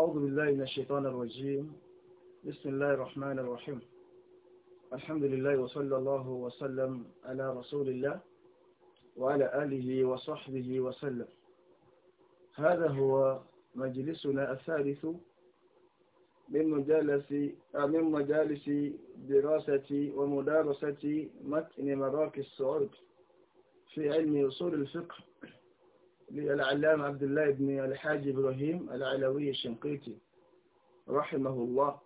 أعوذ بالله من الشيطان الرجيم بسم الله الرحمن الرحيم الحمد لله وصلى الله وسلم على رسول الله وعلى آله وصحبه وسلم هذا هو مجلسنا الثالث من مجالس آه، من مجالس دراسة ومدارسة متن مراكز الصعود في علم أصول الفقه للعلام عبد الله بن الحاج إبراهيم العلوي الشنقيطي رحمه الله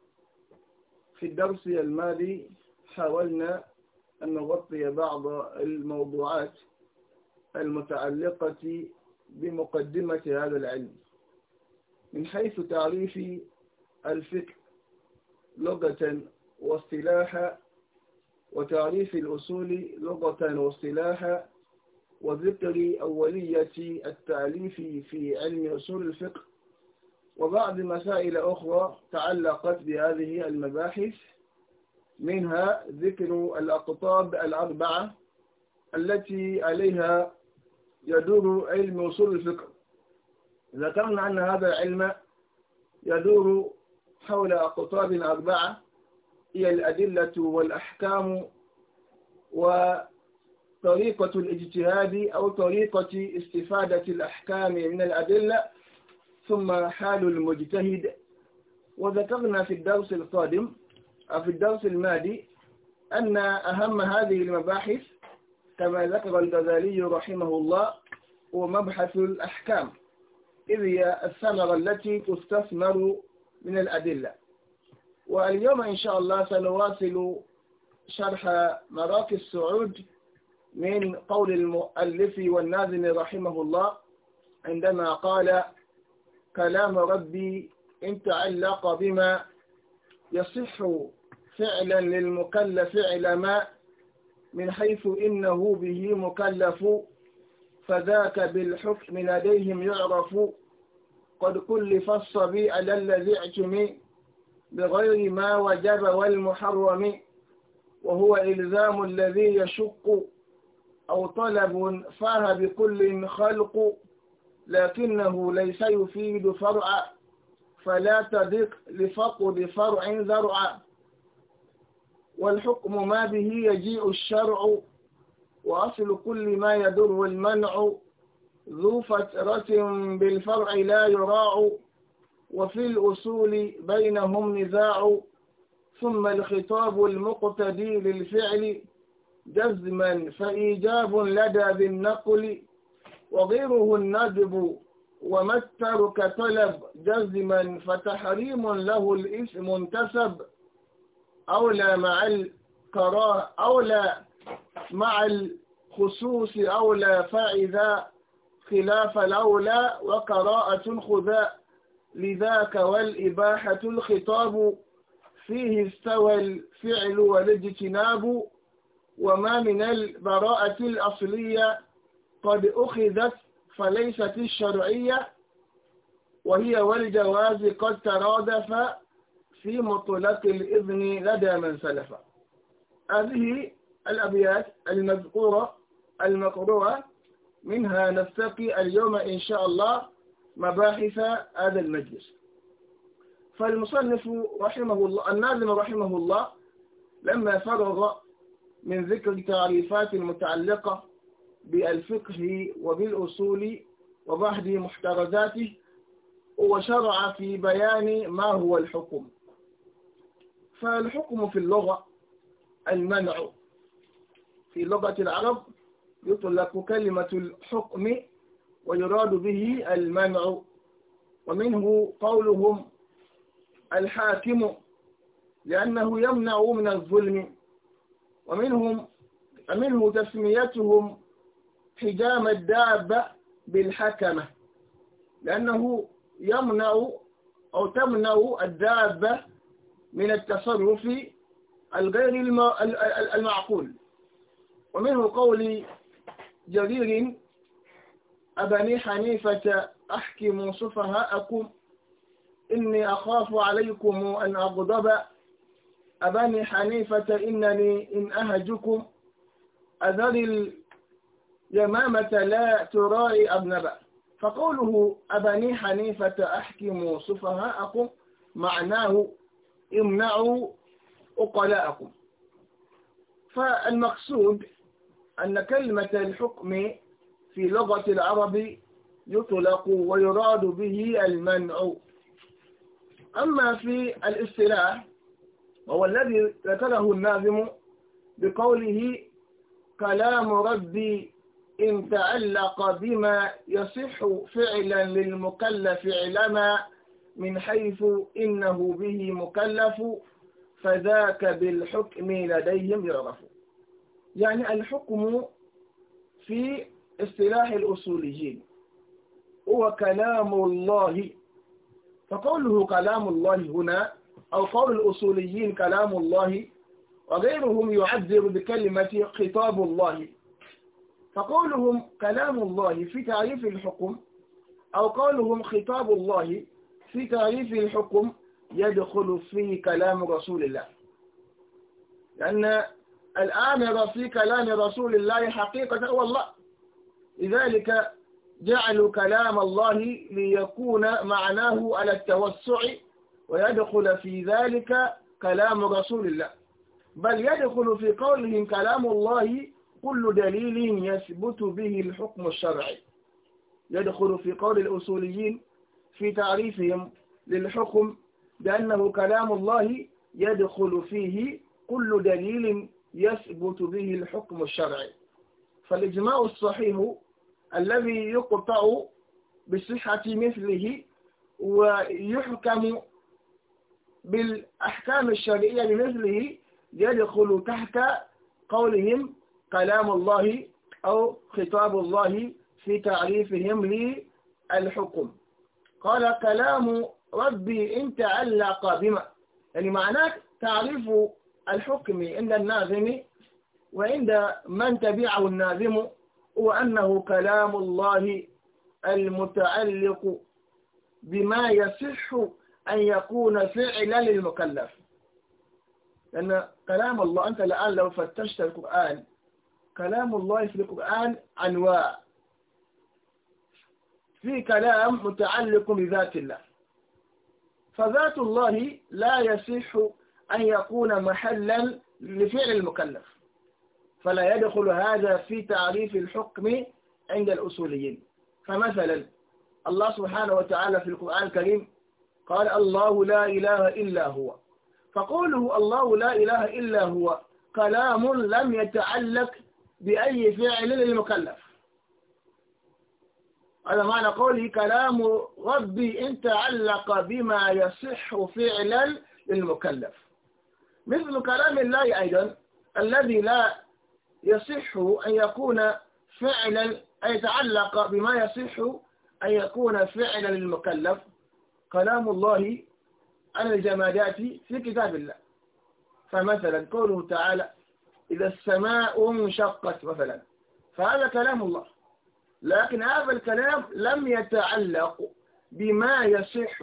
في الدرس الماضي حاولنا أن نغطي بعض الموضوعات المتعلقة بمقدمة هذا العلم من حيث تعريف الفكر لغة واصطلاحا وتعريف الأصول لغة واصطلاحا وذكر أولية التأليف في علم أصول الفقه وبعض مسائل أخرى تعلقت بهذه المباحث منها ذكر الأقطاب الأربعة التي عليها يدور علم أصول الفقه ذكرنا أن هذا العلم يدور حول أقطاب أربعة هي الأدلة والأحكام والأحكام طريقة الاجتهاد أو طريقة استفادة الأحكام من الأدلة ثم حال المجتهد وذكرنا في الدرس القادم أو في الدرس الماضي أن أهم هذه المباحث كما ذكر الغزالي رحمه الله هو مبحث الأحكام إذ هي الثمرة التي تستثمر من الأدلة واليوم إن شاء الله سنواصل شرح مراكز سعود من قول المؤلف والنازم رحمه الله عندما قال كلام ربي إن تعلق بما يصح فعلا للمكلف علما من حيث إنه به مكلف فذاك بالحكم لديهم يعرف قد كلف الصبي على الذي اعتمي بغير ما وجب والمحرم وهو إلزام الذي يشق أو طلب فاه بكل خلق لكنه ليس يفيد فرعا فلا تدق لفقد فرع ذرع والحكم ما به يجيء الشرع وأصل كل ما يدر المنع ذو فترة بالفرع لا يراع وفي الأصول بينهم نزاع ثم الخطاب المقتدي للفعل جزما فإيجاب لدى بالنقل وغيره الندب وما الترك طلب جزما فتحريم له الاسم انتسب أولى مع الكراء أولى مع الخصوص أولى فإذا خلاف الأولى وقراءة الخذاء لذاك والإباحة الخطاب فيه استوى الفعل والاجتناب وما من البراءة الأصلية قد أخذت فليست الشرعية وهي والجواز قد ترادف في مطلق الإذن لدى من سلف هذه الأبيات المذكورة المقروءة منها نستقي اليوم إن شاء الله مباحث هذا المجلس فالمصنف رحمه الله الناظم رحمه الله لما فرغ من ذكر تعريفات المتعلقة بالفقه وبالأصول وبحث محترزاته وشرع في بيان ما هو الحكم فالحكم في اللغة المنع في لغة العرب يطلق كلمة الحكم ويراد به المنع ومنه قولهم الحاكم لأنه يمنع من الظلم ومنهم منه تسميتهم حجام الدابة بالحكمة لأنه يمنع أو تمنع الدابة من التصرف الغير المعقول ومنه قول جرير أبني حنيفة أحكموا سفهاءكم إني أخاف عليكم أن أغضب أباني حنيفة إنني إن أهجكم أذل اليمامة لا تراعي أبنبا فقوله أباني حنيفة أحكموا سفهاءكم معناه امنعوا أقلاءكم فالمقصود أن كلمة الحكم في لغة العرب يطلق ويراد به المنع أما في الاصطلاح وهو الذي ذكره الناظم بقوله كلام ربي إن تعلق بما يصح فعلا للمكلف علما من حيث إنه به مكلف فذاك بالحكم لديهم يعرف يعني الحكم في اصطلاح الأصوليين هو كلام الله فقوله كلام الله هنا أو قول الأصوليين كلام الله وغيرهم يعذر بكلمة خطاب الله فقولهم كلام الله في تعريف الحكم أو قولهم خطاب الله في تعريف الحكم يدخل في كلام رسول الله لأن الآمر في كلام رسول الله حقيقة هو الله لذلك جعلوا كلام الله ليكون معناه على التوسع ويدخل في ذلك كلام رسول الله بل يدخل في قولهم كلام الله كل دليل يثبت به الحكم الشرعي يدخل في قول الأصوليين في تعريفهم للحكم بأنه كلام الله يدخل فيه كل دليل يثبت به الحكم الشرعي فالإجماع الصحيح الذي يقطع بصحة مثله ويحكم بالأحكام الشرعية لمثله يدخل تحت قولهم كلام الله أو خطاب الله في تعريفهم للحكم قال كلام ربي إن تعلق بما يعني معناه تعريف الحكم عند الناظم وعند من تبعه الناظم هو أنه كلام الله المتعلق بما يصح أن يكون فعلا للمكلف لأن كلام الله أنت الآن لو فتشت القرآن كلام الله في القرآن أنواع في كلام متعلق بذات الله فذات الله لا يصح أن يكون محلا لفعل المكلف فلا يدخل هذا في تعريف الحكم عند الأصوليين فمثلا الله سبحانه وتعالى في القرآن الكريم قال الله لا إله إلا هو فقوله الله لا إله إلا هو كلام لم يتعلق بأي فعل للمكلف هذا معنى قوله كلام ربي إن تعلق بما يصح فعلا للمكلف مثل كلام الله أيضا الذي لا يصح أن يكون فعلا أن يتعلق بما يصح أن يكون فعلا للمكلف كلام الله عن الجمادات في كتاب الله فمثلا قوله تعالى إذا السماء انشقت مثلا فهذا كلام الله لكن هذا الكلام لم يتعلق بما يصح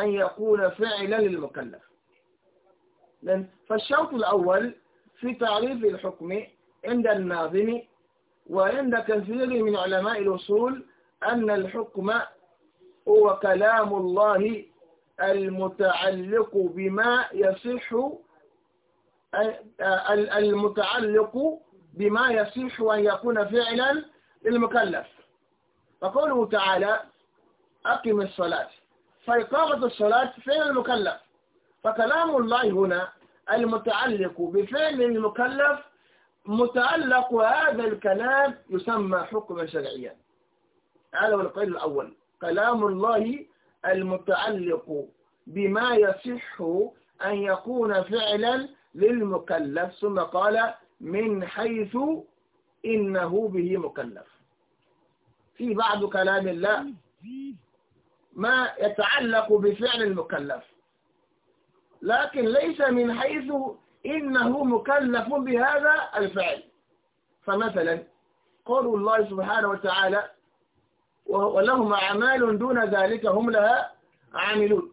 أن يكون فعلا للمكلف فالشرط الأول في تعريف الحكم عند الناظم وعند كثير من علماء الأصول أن الحكم هو كلام الله المتعلق بما يصح المتعلق بما يصح أن يكون فعلا للمكلف فقوله تعالى أقم الصلاة فإقامة الصلاة فعل المكلف فكلام الله هنا المتعلق بفعل المكلف متعلق هذا الكلام يسمى حكما شرعيا هذا هو القيل الأول كلام الله المتعلق بما يصح أن يكون فعلا للمكلف ثم قال من حيث إنه به مكلف في بعض كلام الله ما يتعلق بفعل المكلف لكن ليس من حيث إنه مكلف بهذا الفعل فمثلا قول الله سبحانه وتعالى ولهم أعمال دون ذلك هم لها عاملون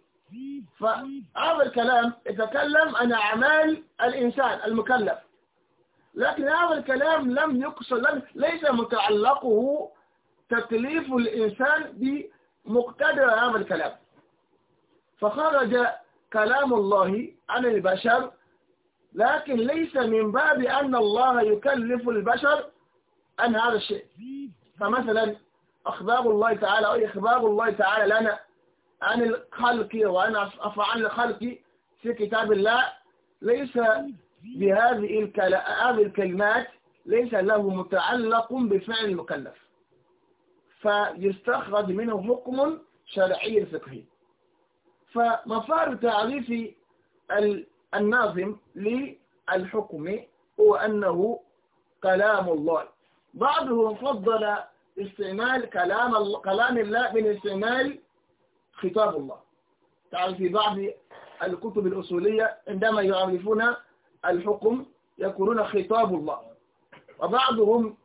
فهذا الكلام يتكلم عن أعمال الإنسان المكلف لكن هذا الكلام لم يقصد ليس متعلقه تكليف الإنسان بمقتدر هذا الكلام فخرج كلام الله عن البشر لكن ليس من باب أن الله يكلف البشر عن هذا الشيء فمثلا أخبار الله تعالى أي إخبار الله تعالى لنا عن الخلق وعن أفعال الخلق في كتاب الله ليس بهذه هذه الكلمات ليس له متعلق بفعل المكلف فيستخرج منه حكم شرعي فقهي فمفار تعريف الناظم للحكم هو أنه كلام الله بعضهم فضل استعمال كلام كلام الله من استعمال خطاب الله تعال في بعض الكتب الأصولية عندما يعرفون الحكم يقولون خطاب الله وبعضهم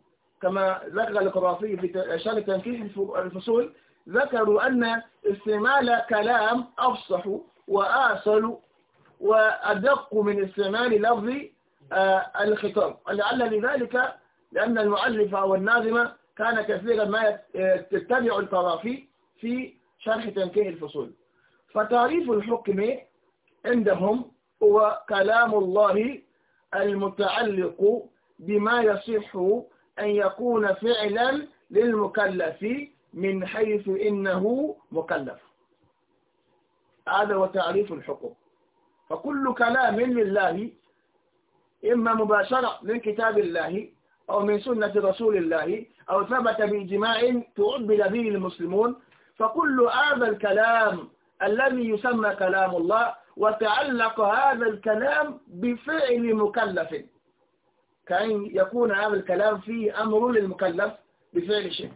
كما ذكر القرافي في شان تنكيح الفصول ذكروا أن استعمال كلام أفصح وآصل وأدق من استعمال لفظ آه، الخطاب لعل لذلك لأن المؤلف أو الناظمة كان كثيرا ما آه، تتبع القرافي في شرح تمكين الفصول فتعريف الحكم عندهم هو كلام الله المتعلق بما يصح أن يكون فعلا للمكلف من حيث إنه مكلف هذا هو تعريف الحكم فكل كلام لله إما مباشرة من كتاب الله أو من سنة رسول الله أو ثبت بإجماع تعبد به المسلمون فكل هذا الكلام الذي يسمى كلام الله وتعلق هذا الكلام بفعل مكلف كأن يكون هذا الكلام فيه أمر للمكلف بفعل شيء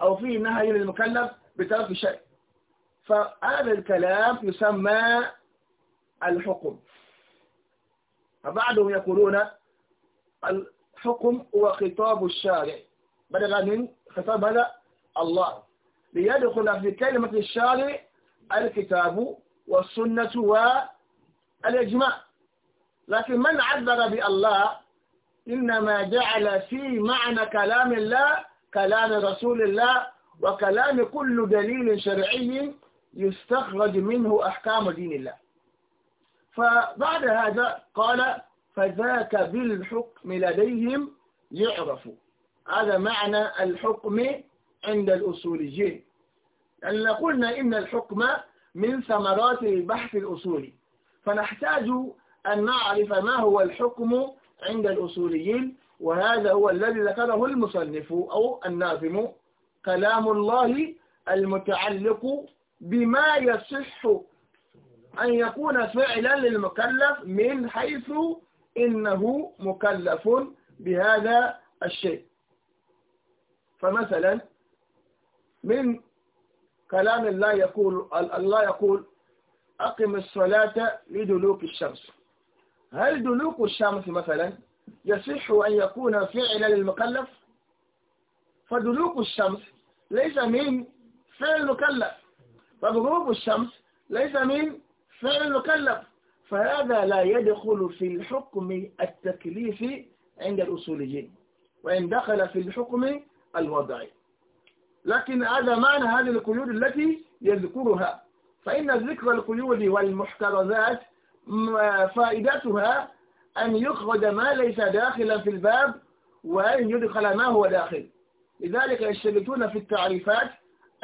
أو فيه نهي للمكلف بترك شيء فهذا الكلام يسمى الحكم فبعضهم يقولون حكم وخطاب الشارع بلغ من خطاب هذا الله ليدخل في كلمة الشارع الكتاب والسنة والإجماع لكن من عذر بالله إنما جعل في معنى كلام الله كلام رسول الله وكلام كل دليل شرعي يستخرج منه أحكام دين الله فبعد هذا قال فذاك بالحكم لديهم يعرف هذا معنى الحكم عند الأصوليين لأننا يعني قلنا إن الحكم من ثمرات البحث الأصولي فنحتاج أن نعرف ما هو الحكم عند الأصوليين وهذا هو الذي ذكره المصنف أو الناظم كلام الله المتعلق بما يصح أن يكون فعلا للمكلف من حيث إنه مكلف بهذا الشيء فمثلا من كلام الله يقول الله يقول أقم الصلاة لدلوك الشمس هل دلوك الشمس مثلا يصح أن يكون فعلا للمكلف فدلوك الشمس ليس من فعل مكلف فدلوك الشمس ليس من فعل مكلف فهذا لا يدخل في الحكم التكليفي عند الأصوليين وإن دخل في الحكم الوضعي لكن هذا معنى هذه القيود التي يذكرها فإن ذكر القيود والمحترزات فائدتها أن يخرج ما ليس داخلا في الباب وأن يدخل ما هو داخل لذلك يشتبتون في التعريفات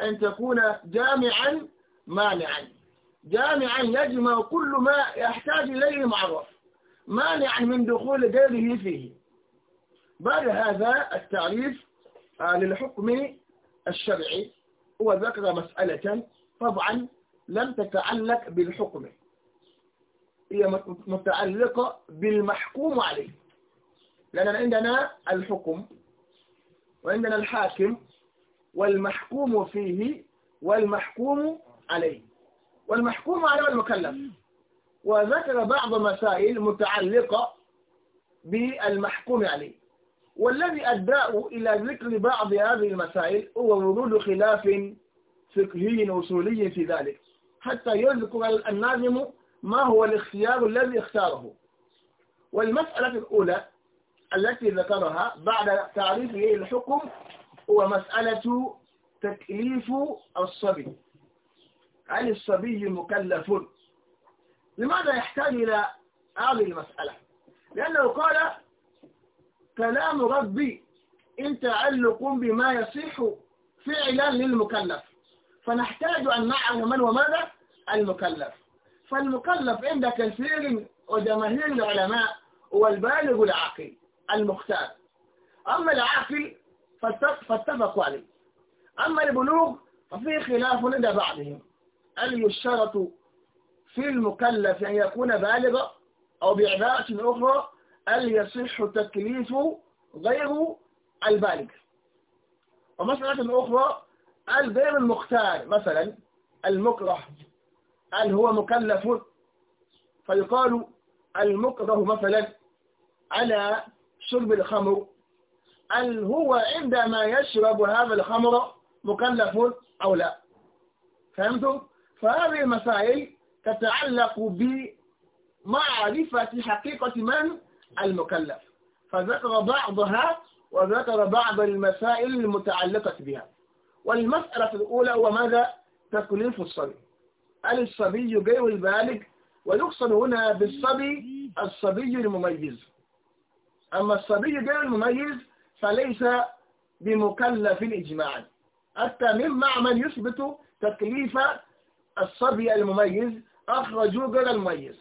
أن تكون جامعا مانعا جامعا يجمع كل ما يحتاج إليه معرف مانعا من دخول غيره فيه بعد هذا التعريف آه، للحكم الشرعي هو ذكر مسألة طبعا لم تتعلق بالحكم هي متعلقة بالمحكوم عليه لأن عندنا الحكم وعندنا الحاكم والمحكوم فيه والمحكوم عليه والمحكوم على المكلف وذكر بعض مسائل متعلقة بالمحكوم عليه والذي أدى إلى ذكر بعض هذه المسائل هو وجود خلاف فقهي وصولي في ذلك حتى يذكر الناظم ما هو الاختيار الذي اختاره والمسألة الأولى التي ذكرها بعد تعريف الحكم هو مسألة تكليف الصبي هل الصبي مكلف لماذا يحتاج إلى هذه المسألة لأنه قال كلام ربي إن تعلق بما يصح فعلا للمكلف فنحتاج أن نعلم من وماذا المكلف فالمكلف عند كثير وجماهير العلماء هو البالغ العاقل المختار أما العاقل فاتفقوا عليه أما البلوغ ففي خلاف لدى بعضهم هل يشترط في المكلف أن يكون بالغا أو بعبارة أخرى هل يصح تكليف غير البالغ ومسألة أخرى هل غير المختار مثلا المكره هل هو مكلف فيقال المكره مثلا على شرب الخمر هل هو عندما يشرب هذا الخمر مكلف أو لا فهمتم؟ فهذه المسائل تتعلق بمعرفة حقيقة من المكلف فذكر بعضها وذكر بعض المسائل المتعلقة بها والمسألة الأولى هو ماذا؟ تكليف الصبي هل الصبي غير البالغ ويقصد هنا بالصبي الصبي المميز أما الصبي غير المميز فليس بمكلف إجماعا حتى مما من يثبت تكليف الصبي المميز أخرجوا غير المميز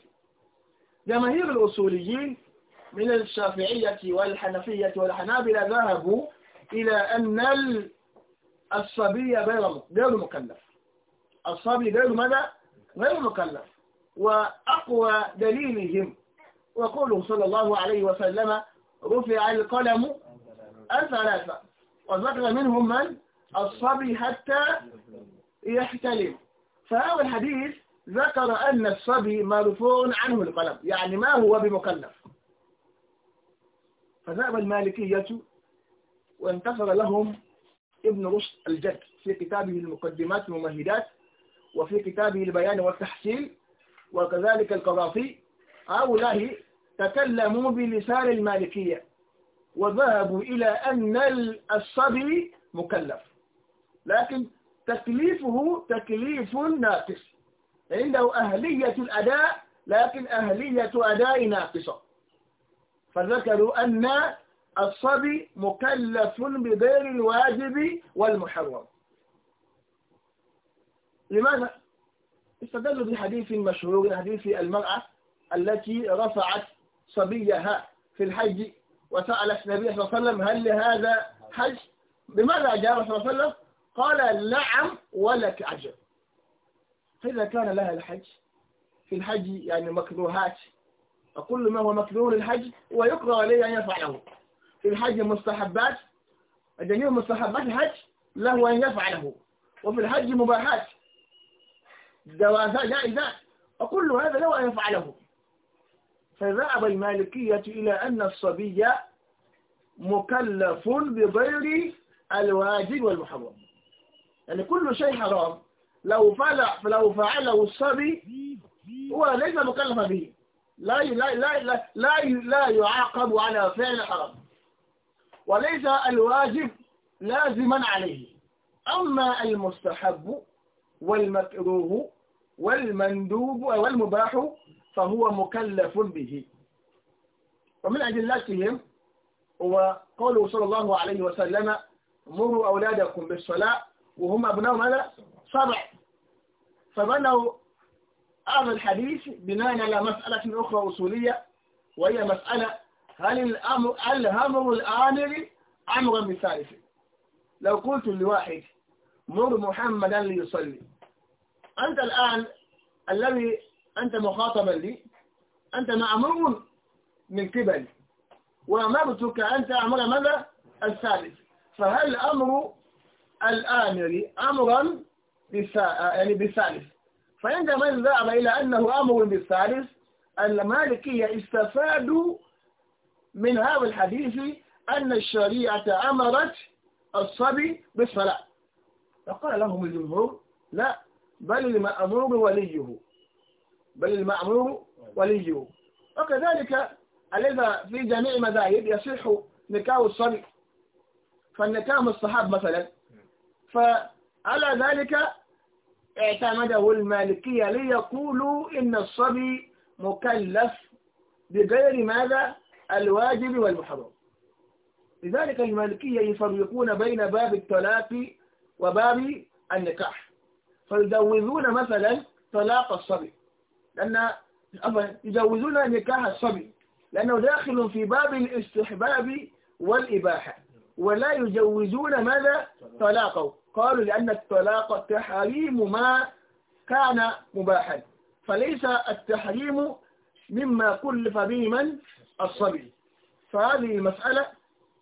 جماهير الأصوليين من الشافعية والحنفية والحنابلة ذهبوا إلى أن الصبي غير مكلف الصبي غير ماذا؟ غير مكلف وأقوى دليلهم وقوله صلى الله عليه وسلم رفع القلم الثلاثة وذكر منهم من الصبي حتى يحتلم فهذا الحديث ذكر أن الصبي مرفوع عنه القلم يعني ما هو بمكلف فذهب المالكية وانتصر لهم ابن رشد الجد في كتابه المقدمات والممهدات وفي كتابه البيان والتحصيل وكذلك القرافي هؤلاء تكلموا بلسان المالكية وذهبوا إلى أن الصبي مكلف لكن تكليفه تكليف ناقص عنده أهلية الأداء لكن أهلية أداء ناقصة فذكروا أن الصبي مكلف بغير الواجب والمحرم لماذا؟ استدلوا بحديث مشهور حديث المرأة التي رفعت صبيها في الحج وسألت النبي صلى الله عليه وسلم هل لهذا حج؟ بماذا جاء صلى الله عليه وسلم؟ قال نعم ولك أجر فإذا كان لها الحج في الحج يعني مكروهات وكل ما هو مكروه للحج ويكره عليه أن يفعله في الحج مستحبات جميع مستحبات الحج له أن يفعله وفي الحج مباحات جوازات جائزات وكل هذا له أن يفعله فذهب المالكية إلى أن الصبي مكلف بغير الواجب والمحرم يعني كل شيء حرام لو فعل لو فعله الصبي هو ليس مكلفا به لا لا لا لا لا, لا يعاقب على فعل حرام وليس الواجب لازما عليه أما المستحب والمكروه والمندوب والمباح فهو مكلف به ومن أدلتهم هو قوله صلى الله عليه وسلم مروا أولادكم بالصلاة وهم أبناء ماذا؟ سبع فبنوا هذا الحديث بناء على مسألة أخرى أصولية وهي مسألة هل الأمر أمر الآمر أمرا بثالث لو قلت لواحد مر محمدا ليصلي أنت الآن الذي أنت مخاطبا لي أنت مأمور من قبل وأمرتك أنت أمر ماذا؟ الثالث فهل الأمر الآمر يعني أمرا يعني بالثالث فعندما ذهب إلى أنه أمر بالثالث المالكية استفادوا من هذا الحديث أن الشريعة أمرت الصبي بالصلاة فقال لهم الجمهور لا بل المأمور وليه بل المأمور وليه وكذلك الذي في جميع المذاهب يصح نكاح الصبي فالنكاح الصحاب مثلا فعلى ذلك اعتمده المالكية ليقولوا إن الصبي مكلف بغير ماذا الواجب والمحرم لذلك المالكية يفرقون بين باب الطلاق وباب النكاح فيجوزون مثلا طلاق الصبي لأن يجوزون نكاح الصبي لأنه داخل في باب الاستحباب والإباحة ولا يجوزون ماذا طلاقه قالوا لأن الطلاق تحريم ما كان مباحا فليس التحريم مما كلف به من الصبي فهذه المسألة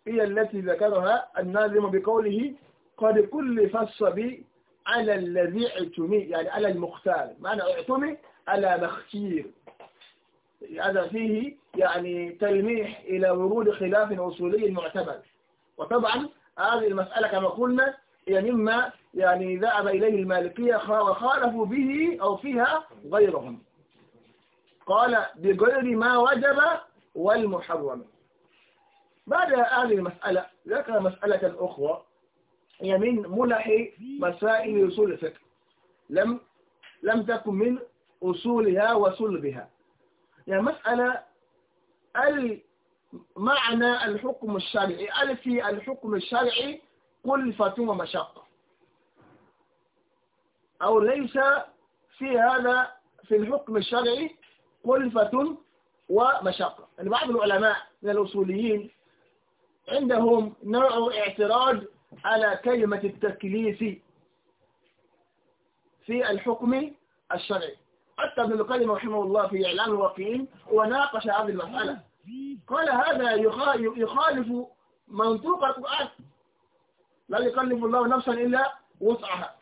هي التي ذكرها الناظم بقوله قد كلف الصبي على الذي اعتمي يعني على المختار معنى اعتمي على مختير هذا فيه يعني تلميح إلى ورود خلاف أصولي معتبر وطبعا هذه المسألة كما قلنا يعني مما يعني ذهب إليه المالكية وخالفوا به أو فيها غيرهم قال بغير ما وجب والمحرم بعد هذه المسألة ذكر مسألة أخرى هي من ملح مسائل أصول الفقه لم لم تكن من أصولها وصلبها يعني مسألة معنى الحكم الشرعي هل في الحكم الشرعي كلفة ومشقة أو ليس في هذا في الحكم الشرعي كلفة ومشقة يعني بعض العلماء من الأصوليين عندهم نوع اعتراض على كلمة التكليف في الحكم الشرعي حتى ابن القيم رحمه الله في إعلام الواقعين وناقش هذه المسألة قال هذا يخالف منطوق القرآن لا يكلف الله نفسا إلا وسعها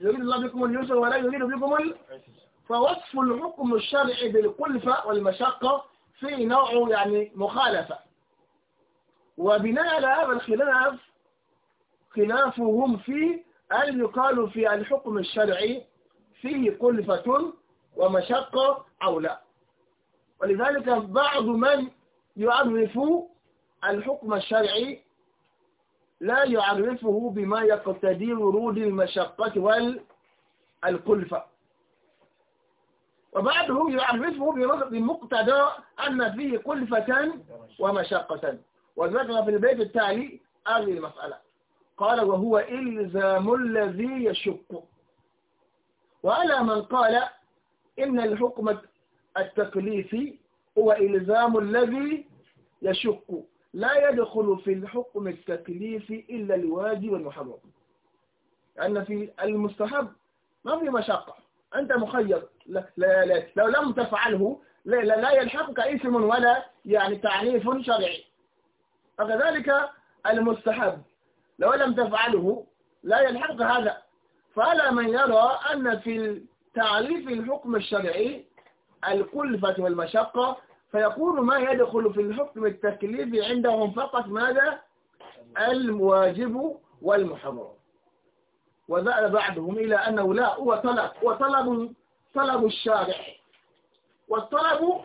يريد الله بكم اليسر ولا يريد بكم ال... فوصف الحكم الشرعي بالكلفة والمشقة في نوع يعني مخالفة وبناء على هذا الخلاف خلافهم في أن يقال في الحكم الشرعي فيه كلفة ومشقة أو لا ولذلك بعض من يعرف الحكم الشرعي لا يعرفه بما يقتدي ورود المشقة والكلفة وبعضهم يعرفه بمقتضى أن فيه كلفة ومشقة وذكر في البيت التالي هذه المسألة قال وهو إلزام الذي يشق وعلى من قال إن الحكم التكليفي هو إلزام الذي يشق لا يدخل في الحكم التكليفي إلا الواجب والمحرم لأن في المستحب ما في مشقة أنت مخير لا لا لا لو لم تفعله لا, لا, لا يلحقك اسم ولا يعني تعنيف شرعي فكذلك المستحب لو لم تفعله لا يلحقك هذا فلا من يرى أن في تعريف الحكم الشرعي الكلفة والمشقة فيكون ما يدخل في الحكم التكليفي عندهم فقط ماذا الواجب والمحرم وذهب بعضهم إلى أنه لا هو طلب وطلب طلب الشارع والطلب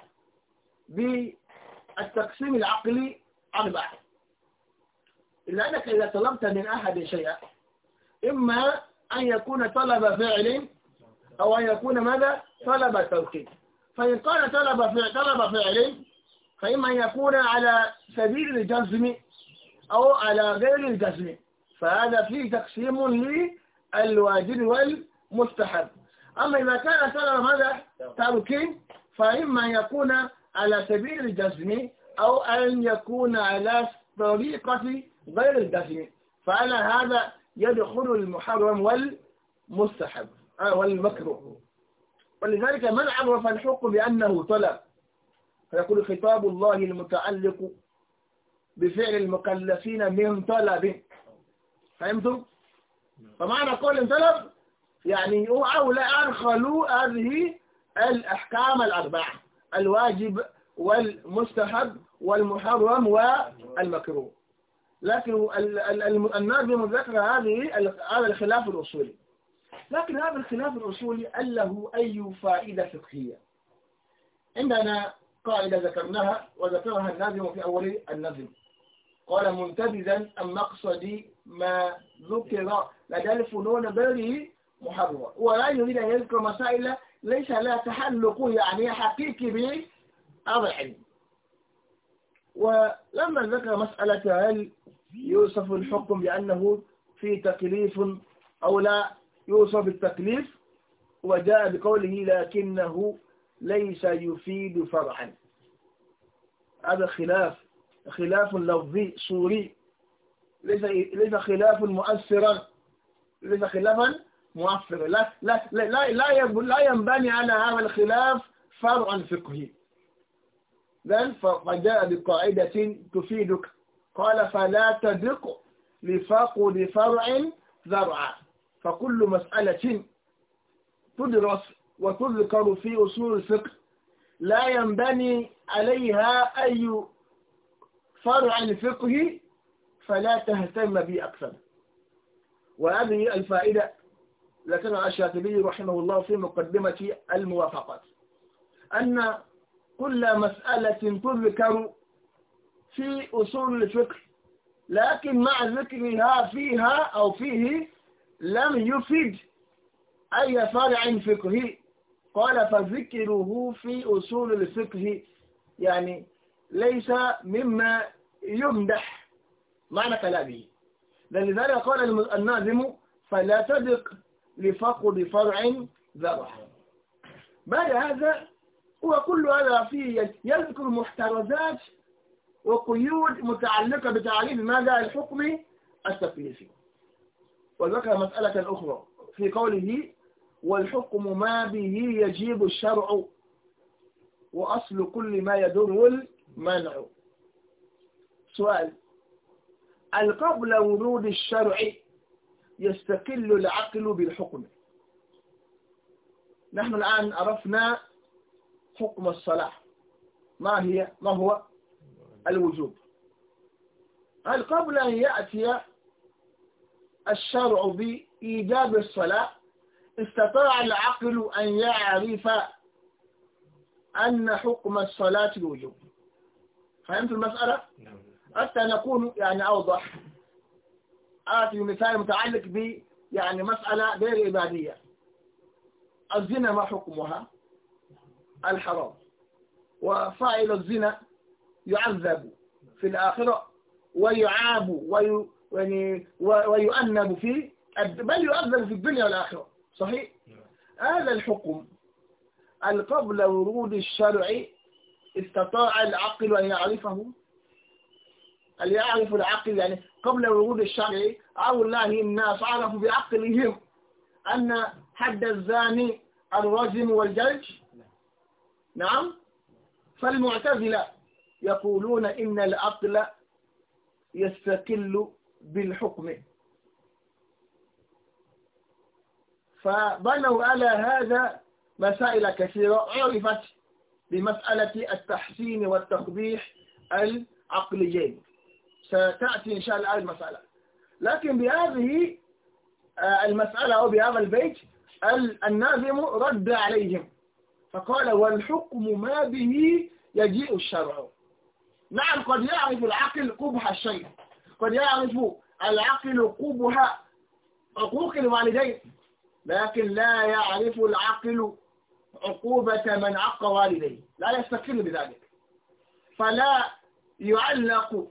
بالتقسيم العقلي أربعة إلا أنك إذا طلبت من أحد شيئا إما أن يكون طلب فعل أو أن يكون ماذا طلب توقيت فإن قال طلب فعل طلب فعل فإما أن يكون على سبيل الجزم أو على غير الجزم فهذا فيه تقسيم للواجب والمستحب أما إذا كان طلب هذا تركين فإما أن يكون على سبيل الجزم أو أن يكون على طريقة غير الجزم فعلى هذا يدخل المحرم والمستحب آه، والمكروه ولذلك من عرف الحق بأنه طلب فيقول خطاب الله المتعلق بفعل المكلفين من طلب فهمتم؟ فمعنى قول طلب يعني هو أولى أن خلو هذه الأحكام الأربعة الواجب والمستحب والمحرم والمكروه لكن الناظم ذكر هذه هذا الخلاف الأصولي لكن هذا الخلاف الأصولي أن له أي فائدة فقهية عندنا قاعدة ذكرناها وذكرها النازم في أول النظم قال منتبذا المقصد ما ذكر لدى الفنون غيره محرم ولا يريد أن يذكر مسائل ليس لها تحلق يعني حقيقي بأرض العلم ولما ذكر مسألة هل يوصف الحكم بأنه في تكليف أو لا يوصف التكليف وجاء بقوله لكنه ليس يفيد فرعا هذا خلاف خلاف لفظي صوري ليس ليس خلاف مؤثرا ليس خلافا مؤثرا لا لا لا لا, لا ينبني على هذا الخلاف فرع فقهي بل فجاء بقاعدة تفيدك قال فلا تدق لفقد فرع ذرعا فكل مسألة تدرس وتذكر في أصول الفقه لا ينبني عليها أي فرع فقهي فلا تهتم به أكثر وهذه الفائدة ذكرها الشاطبي رحمه الله في مقدمة الموافقات أن كل مسألة تذكر في أصول الفقه لكن مع ذكرها فيها أو فيه لم يفيد أي فرع فقهي قال فذكره في أصول الفقه يعني ليس مما يمدح معنى كلامه لذلك قال الناظم فلا تدق لفقد فرع ذرح بعد هذا وكل هذا فيه يذكر محترزات وقيود متعلقة بتعليم ماذا الحكم التكليفي وذكر مسألة أخرى في قوله والحكم ما به يجيب الشرع وأصل كل ما يدور المنع سؤال القبل ورود الشرع يستقل العقل بالحكم نحن الآن عرفنا حكم الصلاة ما هي ما هو الوجوب هل قبل أن يأتي الشرع بإيجاب الصلاة استطاع العقل أن يعرف أن حكم الصلاة وجوب فهمت المسألة؟ نعم. حتى نكون يعني أوضح آتي مثال متعلق ب يعني مسألة غير عبادية الزنا ما حكمها؟ الحرام وفاعل الزنا يعذب في الآخرة ويعاب وي يعني ويؤنب في بل يؤذب في الدنيا والآخرة صحيح؟ هذا الحكم قبل ورود الشرع استطاع العقل أن يعرفه هل يعرف العقل يعني قبل ورود الشرع أو الله الناس عرفوا بعقلهم أن حد الزاني الرجم والجلج نعم فالمعتزلة يقولون إن العقل يستقل بالحكم فبنوا على هذا مسائل كثيرة عرفت بمسألة التحسين والتقبيح العقليين ستأتي إن شاء الله المسألة لكن بهذه آه، المسألة أو بهذا البيت الناظم رد عليهم فقال والحكم ما به يجيء الشرع نعم قد يعرف العقل قبح الشيء قد يعرف العقل قبها عقوق الوالدين لكن لا يعرف العقل عقوبة من عق والديه لا يستقل بذلك فلا يعلق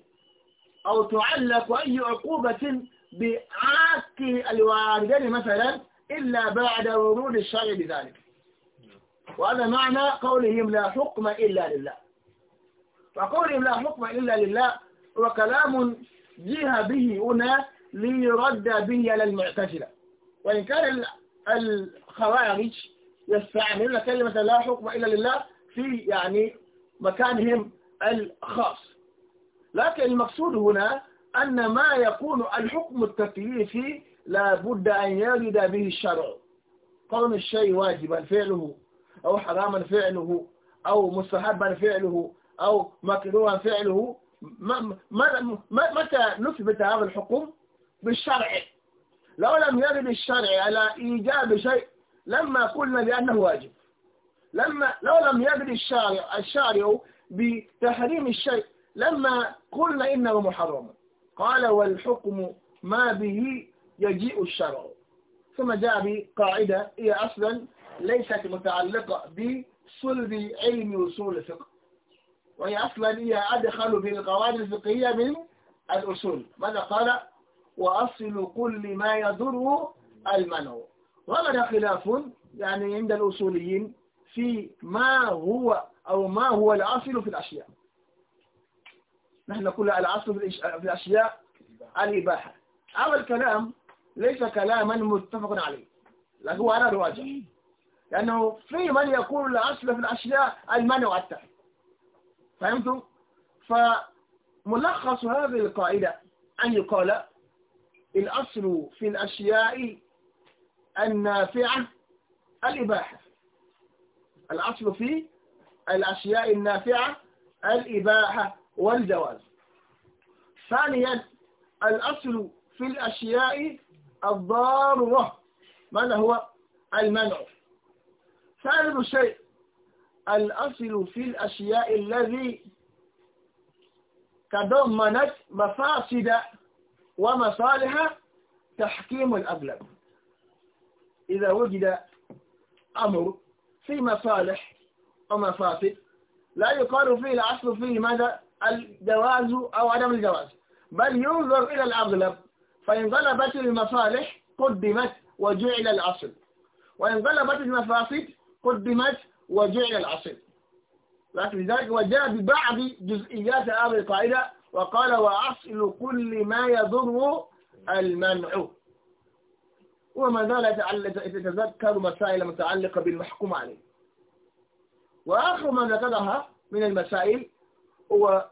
أو تعلق أي عقوبة بعاق الوالدين مثلا إلا بعد ورود الشرع بذلك وهذا معنى قولهم لا حكم إلا لله فقولهم لا حكم إلا لله هو كلام جيء به هنا ليرد به على المعتزلة وإن كان الخوارج يستعملون كلمة لا حكم إلا لله في يعني مكانهم الخاص لكن المقصود هنا أن ما يكون الحكم التكليفي لابد أن يرد به الشرع كون الشيء واجبا فعله أو حراما فعله أو مستحبا فعله أو مكروها فعله ما ما متى نثبت هذا الحكم بالشرع لو لم يرد الشرع على إيجاب شيء لما قلنا بأنه واجب لما لو لم يرد الشارع الشارع بتحريم الشيء لما قلنا إنه محرم قال والحكم ما به يجيء الشرع ثم جاء بقاعدة هي أصلا ليست متعلقة بصلب علم وصول الفقه وهي أصلا هي أدخل في القواعد الفقهية من الأصول ماذا قال وأصل كل ما يضره المنع وهذا خلاف يعني عند الأصوليين في ما هو أو ما هو الأصل في الأشياء نحن نقول الأصل في الأشياء الإباحة هذا الكلام ليس كلاما متفق عليه لكن هو على الواجب لأنه في من يقول الأصل في الأشياء المنع والتحريم فهمتم؟ فملخص هذه القاعدة أن يقال الأصل في الأشياء النافعة الإباحة الأصل في الأشياء النافعة الإباحة والجواز ثانيا الأصل في الأشياء الضارة ماذا هو المنع ثالث شيء الأصل في الأشياء الذي تضمنت مفاسد ومصالح تحكيم الأغلب إذا وجد أمر في مصالح ومفاسد لا يقال فيه الأصل فيه ماذا الجواز أو عدم الجواز بل ينظر إلى الأغلب فإن غلبت المصالح قدمت وجعل الأصل وإن غلبت المفاسد قدمت وجعل العصر لكن لذلك وجاء ببعض جزئيات هذه القاعدة وقال وأصل كل ما يضر المنع وما زال يتذكر مسائل متعلقة بالمحكوم عليه وآخر ما ذكرها من المسائل هو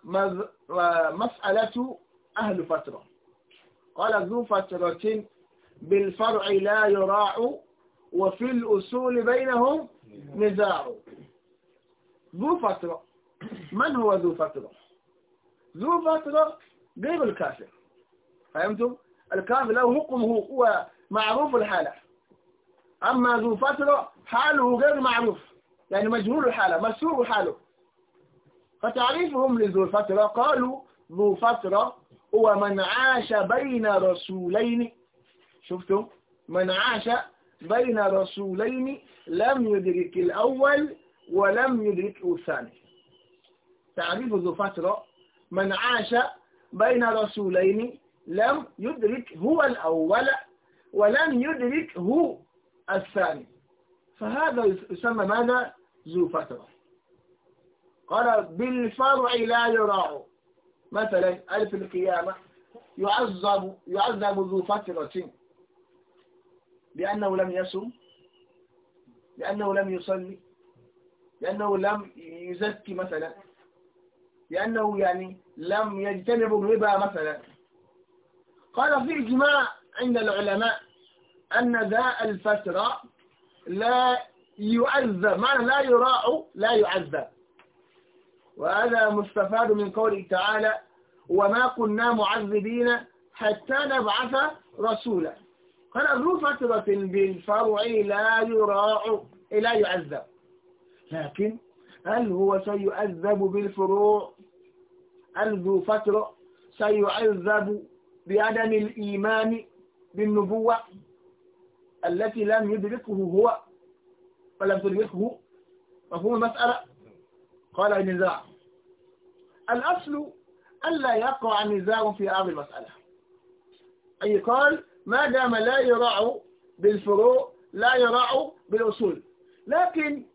مسألة أهل فترة قال ذو فترة بالفرع لا يراع وفي الأصول بينهم نزاع ذو فترة من هو ذو فترة ذو فترة غير الكافر فهمتم الكافر له حكمه هو معروف الحالة أما ذو فترة حاله غير معروف يعني مجهول الحالة مسهور حاله فتعريفهم لذو الفترة قالوا ذو فترة هو من عاش بين رسولين شفتم من عاش بين رسولين لم يدرك الأول ولم يدركه الثاني تعريف ذو فترة من عاش بين رسولين لم يدرك هو الأول ولم يدرك هو الثاني فهذا يسمى ماذا ذو فترة قال بالفرع لا يراع مثلا ألف القيامة يعذب يعذب ذو فترة لأنه لم يصم لأنه لم يصلي لأنه لم يزكي مثلا لأنه يعني لم يجتنب الربا مثلا قال في إجماع عند العلماء أن ذا الفترة لا يعذب معنى لا يراع لا يعذب وهذا مستفاد من قوله تعالى وما كنا معذبين حتى نبعث رسولا قال ذو فترة بالفرع لا يراع لا يعذب لكن هل هو سيعذب بالفروع هل ذو فترة سيعذب بعدم الإيمان بالنبوة التي لم يدركه هو ولم تدركه مفهوم المسألة قال النزاع الأصل ألا يقع نزاع في هذه المسألة أي قال ما دام لا يراع بالفروع لا يراع بالأصول لكن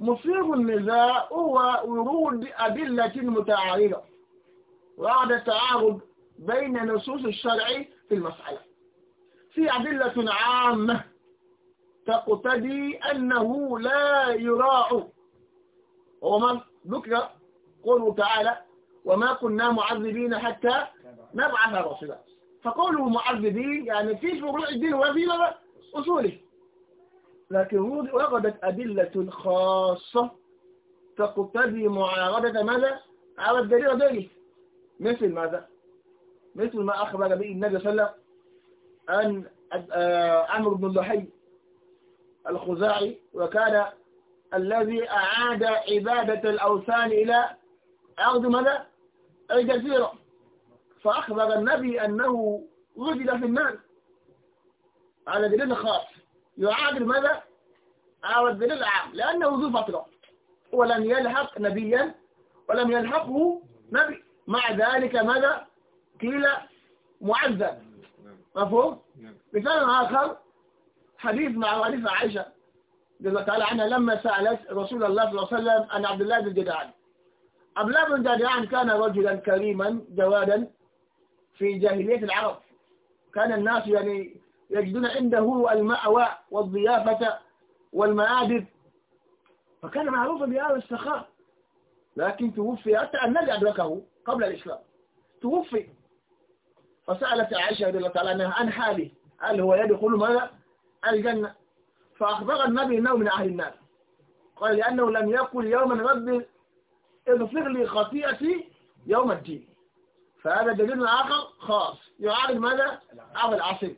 مصير النزاع هو ورود أدلة متعارضة وهذا تعارض بين نصوص الشرع في المسألة في أدلة عامة تقتدي أنه لا يراع وما ذكر قوله تعالى وما كنا معذبين حتى نبعث رسولا فقوله معذبين يعني في فروع الدين وفي أصوله لكن وردت أدلة خاصة تقتضي معارضة ماذا على الدليل ذلك مثل ماذا مثل ما أخبر به النبي صلى الله عليه وسلم أن آه، عمرو بن لحي الخزاعي وكان الذي أعاد عبادة الأوثان إلى أرض ماذا الجزيرة فأخبر النبي أنه وجد في الناس على دليل خاص يعادل ماذا؟ على الدليل العام لأنه ذو فترة ولم يلحق نبيا ولم يلحقه نبي مع ذلك ماذا؟ قيل معذب مفهوم؟ نعم. مثال آخر حديث مع وليفة عائشة رضي تعالى عنها لما سألت رسول الله صلى الله عليه وسلم عن عبد الله بن جدعان عبد الله بن جدعان كان رجلا كريما جوادا في جاهلية العرب كان الناس يعني يجدون عنده المأوى والضيافة والمآدب فكان معروفا بهذا السخاء لكن توفي حتى الذي أدركه قبل الإسلام توفي فسألت عائشة رضي الله تعالى عنها عن حاله هل هو يدخل ماذا الجنة فأخبر النبي أنه من أهل النار قال لأنه لم يقل يوما رب اغفر لي خطيئتي يوم الدين فهذا دليل آخر خاص يعارض ماذا؟ عرض العصر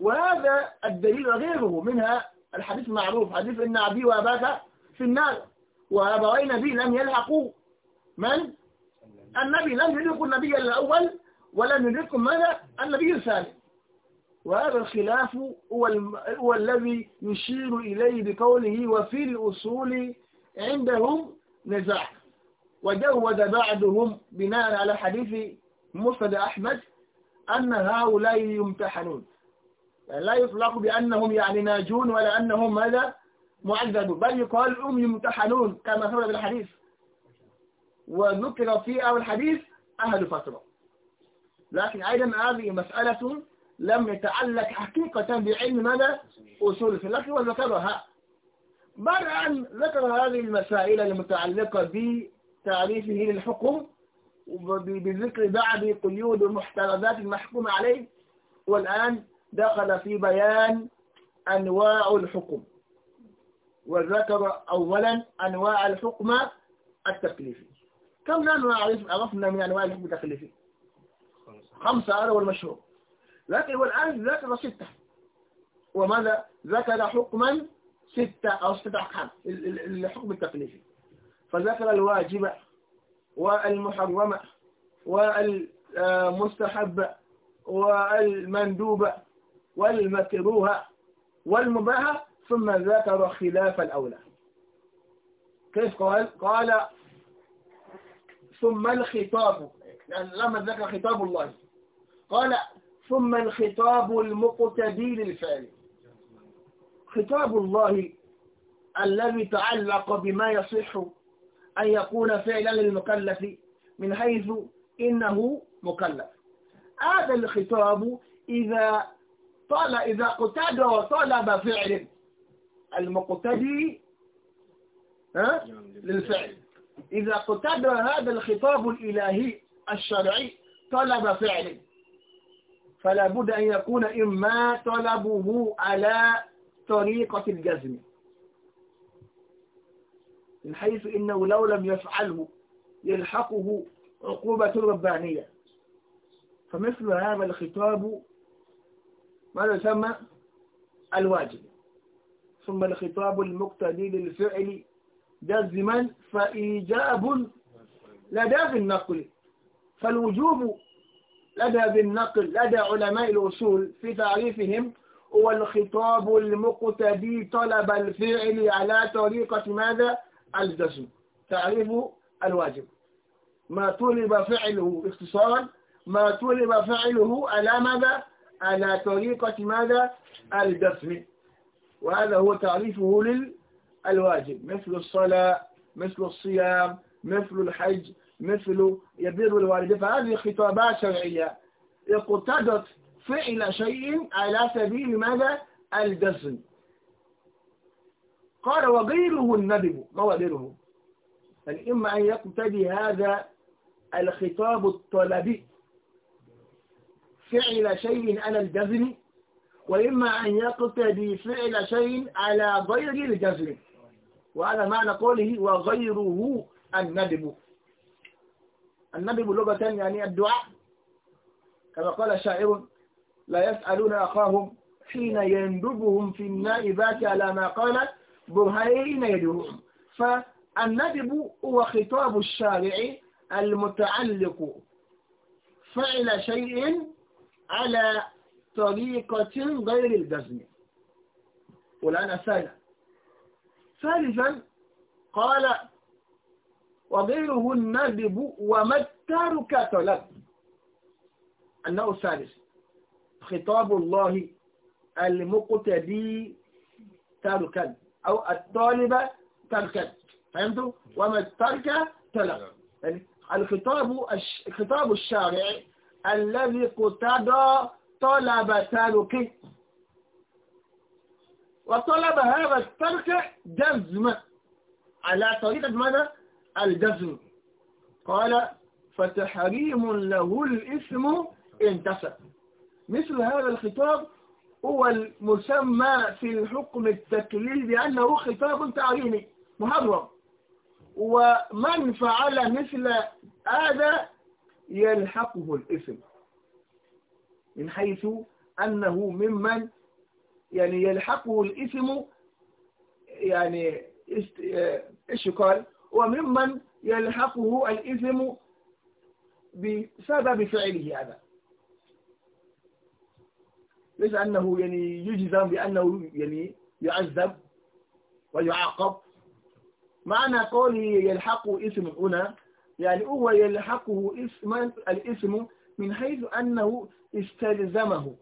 وهذا الدليل غيره منها الحديث المعروف حديث إن أبي وأباك في النار وأبوي نبي لم يلحقوا من؟ النبي لم يدركوا النبي الأول ولم يدركوا ماذا؟ النبي الثاني وهذا الخلاف هو, الم... هو الذي يشير إليه بقوله وفي الأصول عندهم نزاع وجود بعضهم بناء على حديث مسند أحمد أن هؤلاء يمتحنون لا يطلق بأنهم يعني ناجون ولا أنهم ماذا معذبون بل يقال هم يمتحنون كما ثبت الحديث وذكر في أول الحديث أهل فترة لكن أيضا هذه مسألة لم يتعلق حقيقة بعلم ماذا أصول الفلك وذكرها بعد أن ذكر هذه المسائل المتعلقة بتعريفه للحكم بذكر بعض قيود المحترزات المحكوم عليه والآن دخل في بيان أنواع الحكم وذكر أولا أنواع الحكم التكليفي كم نحن عرفنا من أنواع الحكم التكليفي خمسة هذا هو المشهور لكن والآن ذكر ستة وماذا ذكر حكما ستة أو ستة أحكام الحكم التكليفي فذكر الواجب والمحرمة والمستحبة والمندوبة والمكروهة والمباحة ثم ذكر خلاف الأولى كيف قال؟ قال ثم الخطاب يعني لما ذكر خطاب الله قال ثم الخطاب المقتدي للفعل خطاب الله الذي تعلق بما يصح أن يكون فعلا للمكلف من حيث إنه مكلف هذا الخطاب إذا طال إذا اقتدى وطلب فعل المقتدي ها؟ للفعل إذا اقتدى هذا الخطاب الإلهي الشرعي طلب فعل فلا بد أن يكون إما طلبه على طريقة الجزم من حيث إنه لو لم يفعله يلحقه عقوبة ربانية فمثل هذا الخطاب ماذا يسمى الواجب ثم الخطاب المقتدي للفعل جزما فإيجاب لدى النقل فالوجوب لدى النقل لدى علماء الأصول في تعريفهم هو الخطاب المقتدي طلب الفعل على طريقة ماذا الجزم تعريف الواجب ما طلب فعله اختصارا ما طلب فعله على ماذا على طريقة ماذا الجزم وهذا هو تعريفه للواجب مثل الصلاة مثل الصيام مثل الحج مثل يبر الوالد فهذه خطابات شرعية اقتضت فعل شيء على سبيل ماذا الجزم قال وغيره الندب وغيره يعني إما أن يقتدي هذا الخطاب الطلبي فعل شيء على الجزم وإما أن يقتدي فعل شيء على غير الجزم وهذا معنى قوله وغيره الندب الندب لغة يعني الدعاء كما قال شاعر لا يسألون أخاهم حين يندبهم في النائبات على ما قالت برهين يدعوهم فالندب هو خطاب الشارع المتعلق فعل شيء على طريقة غير الجزم والآن أسأل ثالثا قال وغيره الندب وما ترك طلب النوع الثالث خطاب الله المقتدي تركا أو الطالبة تركت فهمتوا؟ وما ترك تلف يعني الخطاب الخطاب الشرعي الذي قتضى طلب تلك وطلب هذا الترك جزم على طريقة ماذا؟ الجزم قال فتحريم له الاسم انتسب مثل هذا الخطاب هو المسمى في الحكم التكليل بأنه خطاب تعليمي محرم ومن فعل مثل هذا يلحقه الإثم من حيث أنه ممن يعني يلحقه الإثم يعني إيش قال وممن يلحقه الإثم بسبب فعله هذا ليس أنه يعني يجزم بأنه يعني يعذب ويعاقب معنى قوله يلحق اسم هنا يعني هو يلحقه اسم الاسم من حيث أنه استلزمه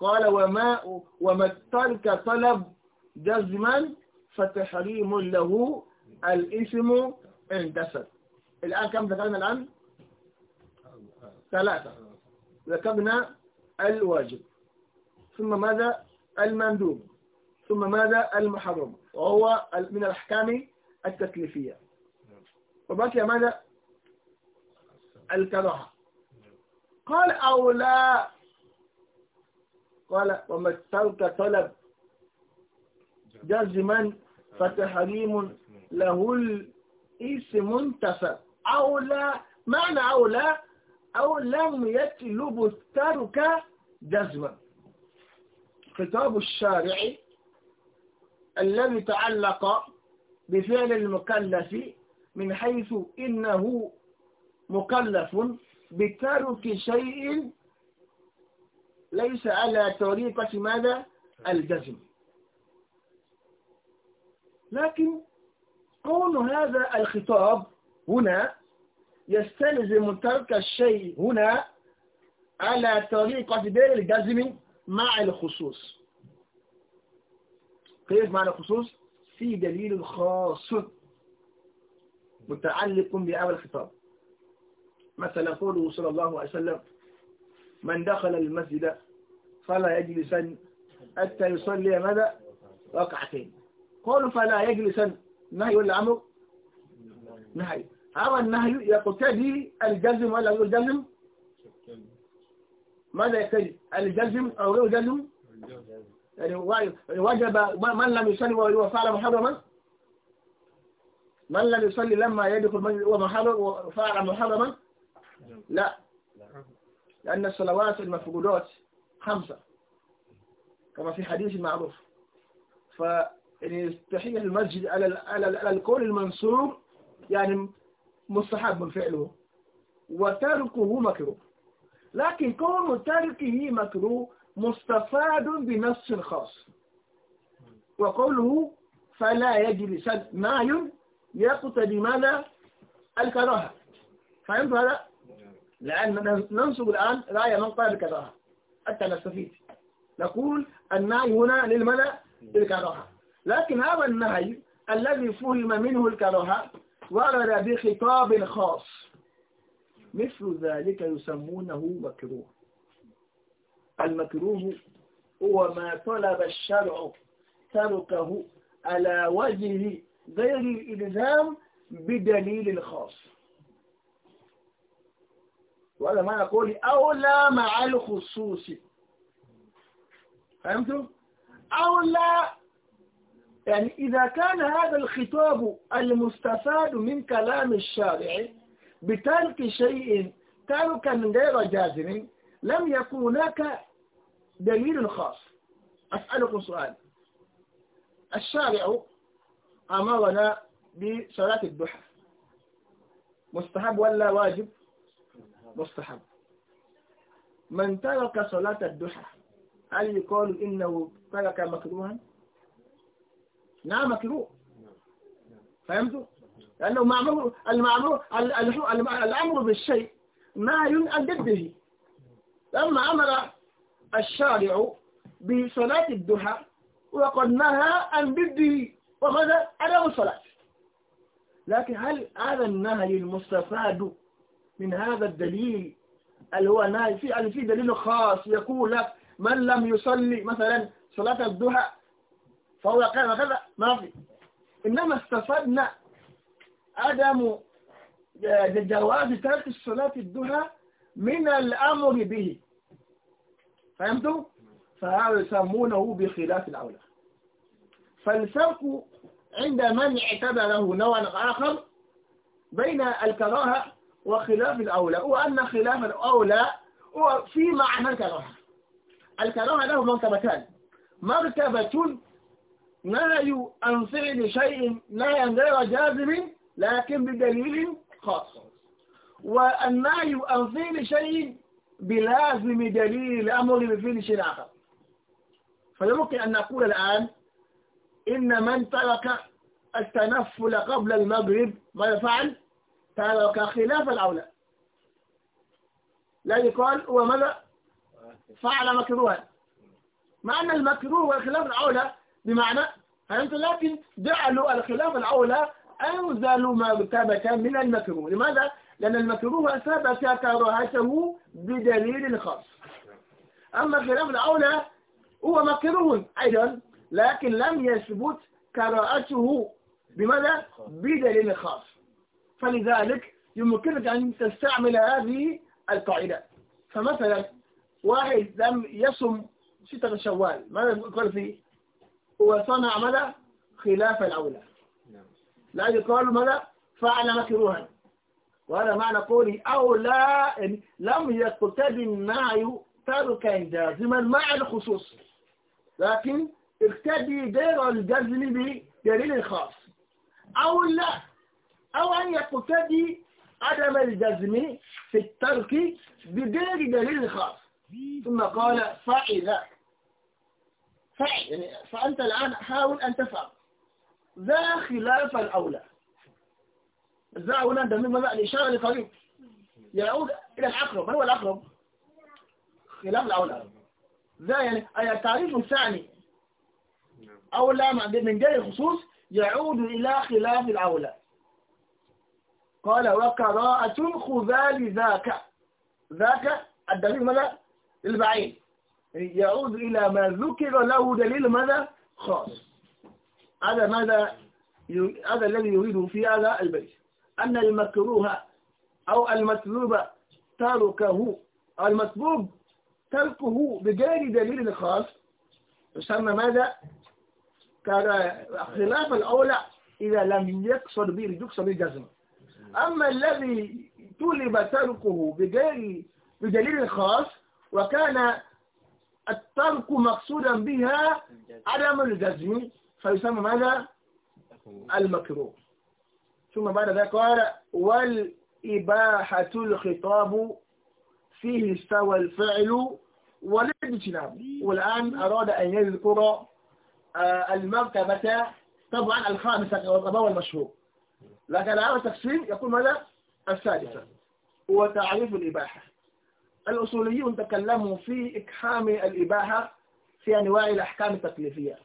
قال وما وما ترك طلب جزما فتحريم له الاسم انتسب الآن كم ذكرنا الآن؟ ثلاثة ذكرنا الواجب ثم ماذا المندوب ثم ماذا المحرم وهو من الأحكام التكليفية وبقي ماذا الكراهة قال أو لا قال وما استرك طلب جزما فتحريم له الاسم انتفى أو لا معنى أو لا أو لم يطلب الترك جزما خطاب الشارع الذي تعلق بفعل المكلف من حيث إنه مكلف بترك شيء ليس على طريقة ماذا الجزم لكن كون هذا الخطاب هنا يستلزم ترك الشيء هنا على طريقة بين الجزم مع الخصوص كيف مع الخصوص؟ في دليل خاص متعلق بأول الخطاب مثلا قوله صلى الله عليه وسلم من دخل المسجد فلا يجلسن حتى يصلي ماذا؟ ركعتين قالوا فلا يجلسن نهي ولا عمر؟ نهي أرى النهي يقتدي الجزم ولا غير الجزم ماذا يقتدي الجزم أو غير الجزم يعني, يعني وجب من لم يصلي وهو فعل محرما من لم يصلي لما يدخل من محرم وفعل محرما لا لأن الصلوات المفقودات خمسة كما في حديث معروف فإن يستحيل يعني المسجد على على القول المنصور يعني مستحب فعله وتركه مكروه لكن كون تركه مكروه مستفاد بنص خاص وقوله فلا سد ناي يقتدي ماذا الكراهة فهمت هذا؟ لأن ننصب الآن رايه من قال الكراهة حتى نستفيد نقول النهي هنا للملأ الكراهة لكن هذا النهي الذي فهم منه الكراهة ورد بخطاب خاص مثل ذلك يسمونه مكروه المكروه هو ما طلب الشرع تركه على وجه غير الإلزام بدليل خاص وهذا ما نقول أولى مع الخصوص فهمتوا؟ أولى يعني إذا كان هذا الخطاب المستفاد من كلام الشارع بترك شيء تركا غير جازم لم يكن هناك دليل خاص أسألكم سؤال الشارع أمرنا بصلاة الضحى مستحب ولا واجب مستحب من ترك صلاة الضحى هل يقول إنه ترك مكروها نعم مكروه فهمتوا؟ لأنه معمول المعمول الأمر بالشيء ما ينأل ضده لما أمر الشارع بصلاة الضحى وقد نهى عن ضده وماذا؟ عدم الصلاة لكن هل هذا النهي المستفاد من هذا الدليل اللي هو نهي في دليل خاص يقول لك من لم يصلي مثلا صلاة الضحى فهو قال كذا ما في إنما استفدنا عدم جواز ترك الصلاة الدهى من الأمر به فهمتوا؟ فهذا يسمونه بخلاف الأولى فالفرق عند من اعتبره نوعا آخر بين الكراهة وخلاف الأولى هو أن خلاف الأولى هو في معنى الكراهة الكراهة له مرتبتان مرتبة نهي عن فعل شيء لا غير جازم لكن بدليل خاص والنهي عن فعل شيء بلازم دليل الأمر بفعل شيء آخر فيمكن أن نقول الآن إن من ترك التنفل قبل المغرب ماذا فعل؟ ترك خلاف الأولى لا يقال هو ماذا؟ فعل مكروها مع أن المكروه والخلاف الأولى بمعنى فهمت لكن جعلوا الخلاف الأولى أنزل مرتبة من المكروه لماذا؟ لأن المكروه ثبت كراهته بدليل خاص أما الخلاف الأولى هو مكروه أيضا لكن لم يثبت كراهته بماذا؟ بدليل خاص فلذلك يمكنك أن تستعمل هذه القاعدة فمثلا واحد لم يصم ستة شوال ماذا يقول فيه؟ وصنع ماذا خلاف الأولى نعم. لا يقال ماذا فعل مكروها وهذا معنى قولي أو لا لم يقتد النهي تركا جازما مع الخصوص لكن اقتدي غير الجزم بدليل خاص أو لا أو أن يقتدي عدم الجزم في الترك بغير دليل خاص ثم قال فإذا يعني فأنت الآن حاول أن تفعل ذا خلاف الأولى ذا أولا من ماذا الإشارة لقريب يعود يعني إلى الأقرب ما هو الأقرب خلاف الأولى ذا يعني أي التعريف الثاني أولى من جهة الخصوص يعود إلى خلاف الأولى قال وقراءة خذا لذاك ذاك الدليل ماذا للبعيد يعود إلى ما ذكر له دليل ماذا خاص هذا ماذا هذا الذي يريده في هذا البيت أن المكروه أو المطلوب تركه المطلوب تركه بغير دليل خاص يسمى ماذا؟ كان خلاف الأولى إذا لم يقصد به يقصد به جزم أما الذي طلب تركه بغير بدليل خاص وكان الترك مقصودا بها عدم الجزم فيسمى ماذا المكروه ثم بعد ذلك قال والإباحة الخطاب فيه استوى الفعل والاجتناب والآن أراد أن يذكر آه، المرتبة طبعا الخامسة والرباوة المشهور لكن الآن التقسيم يقول ماذا السادسة وتعريف الإباحة الأصوليون تكلموا في إكحام الإباحة في أنواع الأحكام التكليفية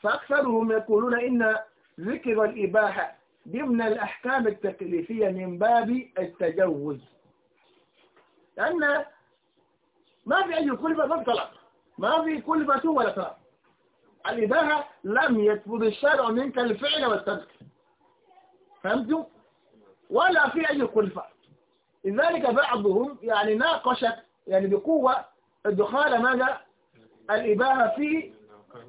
فأكثرهم يقولون إن ذكر الإباحة ضمن الأحكام التكليفية من باب التجوز لأن ما في أي كلمة ولا طلب ما في كلمة ولا طلب الإباحة لم يطلب الشرع منك الفعل والترك فهمتوا؟ ولا في أي كلفة لذلك بعضهم يعني ناقشت يعني بقوة دخال ماذا الإباحة في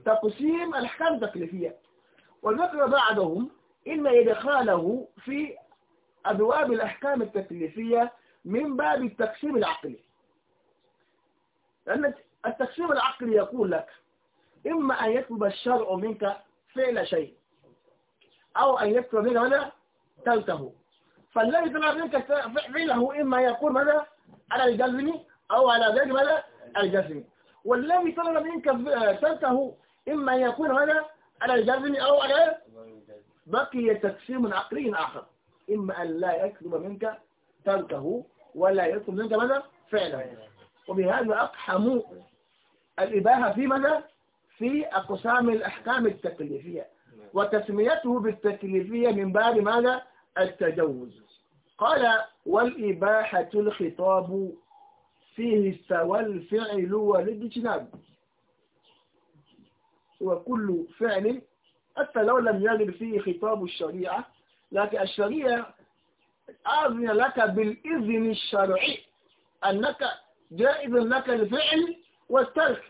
تقسيم الأحكام التكليفية وذكر بعضهم إن إدخاله في أبواب الأحكام التكليفية من باب التقسيم العقلي لأن التقسيم العقلي يقول لك إما أن يطلب الشرع منك فعل شيء أو أن يطلب منك تلته فالذي في ذلك فعله إما يكون ماذا على الجزم أو على غير ماذا الجزم والذي طلب منك تركه إما يكون ماذا على الجزم أو على بقي تقسيم عقلي آخر إما أن لا يطلب منك تركه ولا يطلب منك ماذا فعله وبهذا أقحموا الإباحة في ماذا في أقسام الأحكام التكليفية وتسميته بالتكليفية من باب ماذا التجوز قال والإباحة الخطاب فيه استوى الفعل والاجتناب وكل فعل حتى لو لم يغل فيه خطاب الشريعة لكن الشريعة أذن لك بالإذن الشرعي أنك جائز لك الفعل والترك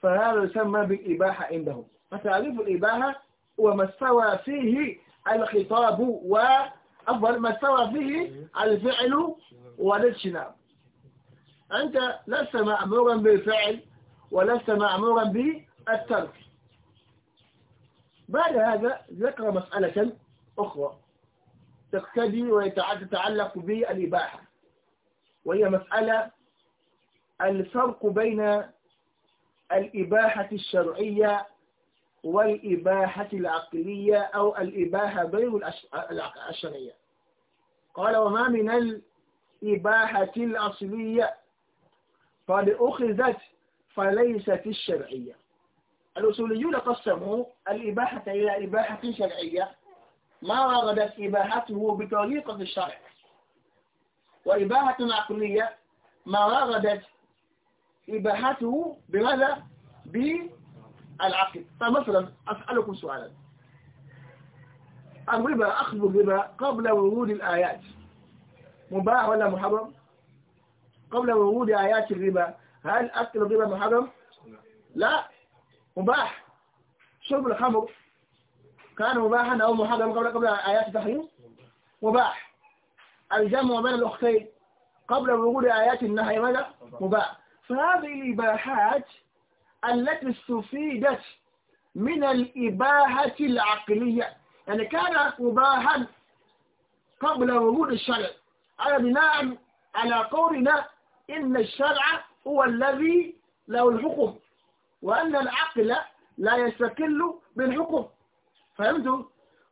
فهذا يسمى بالإباحة عندهم فتعريف الإباحة هو ما استوى فيه الخطاب وأفضل ما استوى فيه الفعل والاجتناب أنت لست مأمورا بالفعل ولست مأمورا بالترك بعد هذا ذكر مسألة أخرى تقتدي وتتعلق بالإباحة وهي مسألة الفرق بين الإباحة الشرعية والإباحة العقلية أو الإباحة غير الشرعية قال وما من الإباحة الأصلية قد أخذت فليست الشرعية الأصوليون قسموا الإباحة إلى إباحة شرعية ما وردت إباحته بطريقة الشرع وإباحة عقلية ما وردت إباحته بماذا؟ بطريقة العقد فمثلا أسألكم سؤالا الربا أخذ الربا قبل ورود الآيات مباح ولا محرم قبل ورود آيات الربا هل أكل الربا محرم لا مباح شرب الخمر كان مباحا أو محرم قبل قبل آيات التحريم مباح الجمع بين الأختين قبل ورود آيات النهي ماذا مباح فهذه الإباحات التي استفيدت من الإباحة العقلية يعني كان مباحا قبل ورود الشرع على بناء على قولنا إن الشرع هو الذي له الحكم وأن العقل لا يستقل بالحكم فهمتوا؟